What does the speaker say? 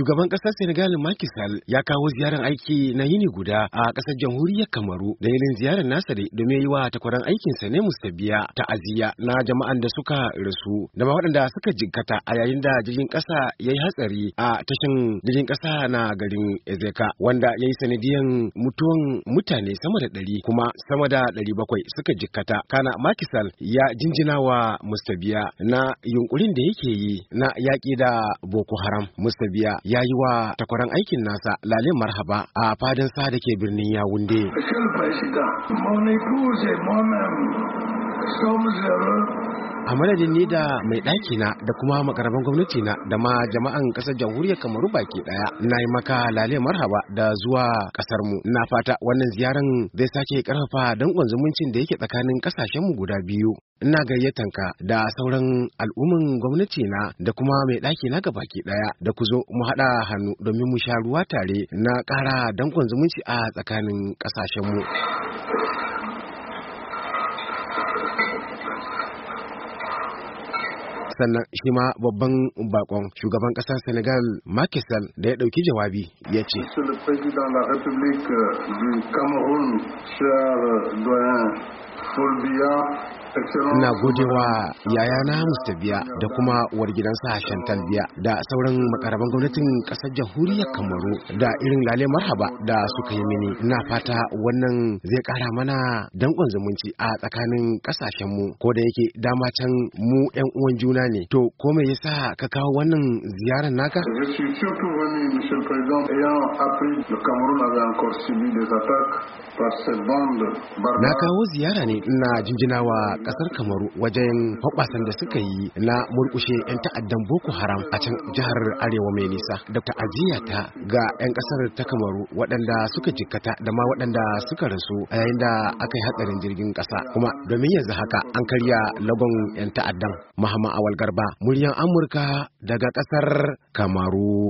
Shugaban ƙasar Senegal Makisal ya kawo ziyarar aiki na yini guda a ƙasar jamhuriyar Kamaru da yalin ziyarar nasa ne domin yi wa takwaran aikinsa ne Mustabiya ta'aziyya na jama'an da suka rasu da ma waɗanda suka jikkata a yayin da jirgin ƙasa ya yi hatsari a tashin jirgin ƙasa na garin Ezeka wanda ya yi sanadiyan mutuwan mutane sama da ɗari kuma sama da ɗari bakwai suka jikkata. Kana Makisal ya jinjina wa Mustabiya na yunkurin da yake yi na yaƙi da Boko Haram. Mustabiya ya yi wa takwaran aikin nasa lalin marhaba a fadin sa da ke birnin yawunde. a madadin ni da mai ɗaki na da kuma makaraban gwamnati na da ma jama'an ƙasar jamhuriyar kamaru baki ɗaya na yi maka lale marhaba da zuwa ƙasar mu na fata wannan ziyaran zai sake ƙarfafa danƙon zumuncin da yake tsakanin ƙasashen mu guda biyu ina gayyatan ka da sauran al'umman gwamnati na da kuma mai ɗaki na ga baki ɗaya da ku zo mu haɗa hannu domin mu sha ruwa tare na ƙara danƙon zumunci a tsakanin ƙasashen mu. le Président de la République du Cameroun, cher doyen Paul Ina gode wa yayana Mustabiya da kuma uwar gidansa Hassan Talbiya da sauran makarabin gwamnatin ƙasar jamhuriyar Kamaru da irin lale marhaba da suka yi mini. na fata wannan zai kara mana dankon zumunci a tsakanin kasashen mu ko da yake dama can mu ƴan uwan juna ne. To ko me yasa ka kawo wannan ziyarar naka? Na kawo ziyara ne ina jinjina wa kasar kamaru wajen hoɓasan da suka yi na murkushe 'yan ta'addan boko haram a can jihar arewa mai nisa da ta'aziyya ta ga 'yan kasar ta kamaru waɗanda suka jikkata da ma waɗanda suka rasu a yayin da aka yi hatsarin jirgin ƙasa kuma domin yanzu haka an karya lagon 'yan ta'addan mahama awal garba muryan amurka daga kasar kamaru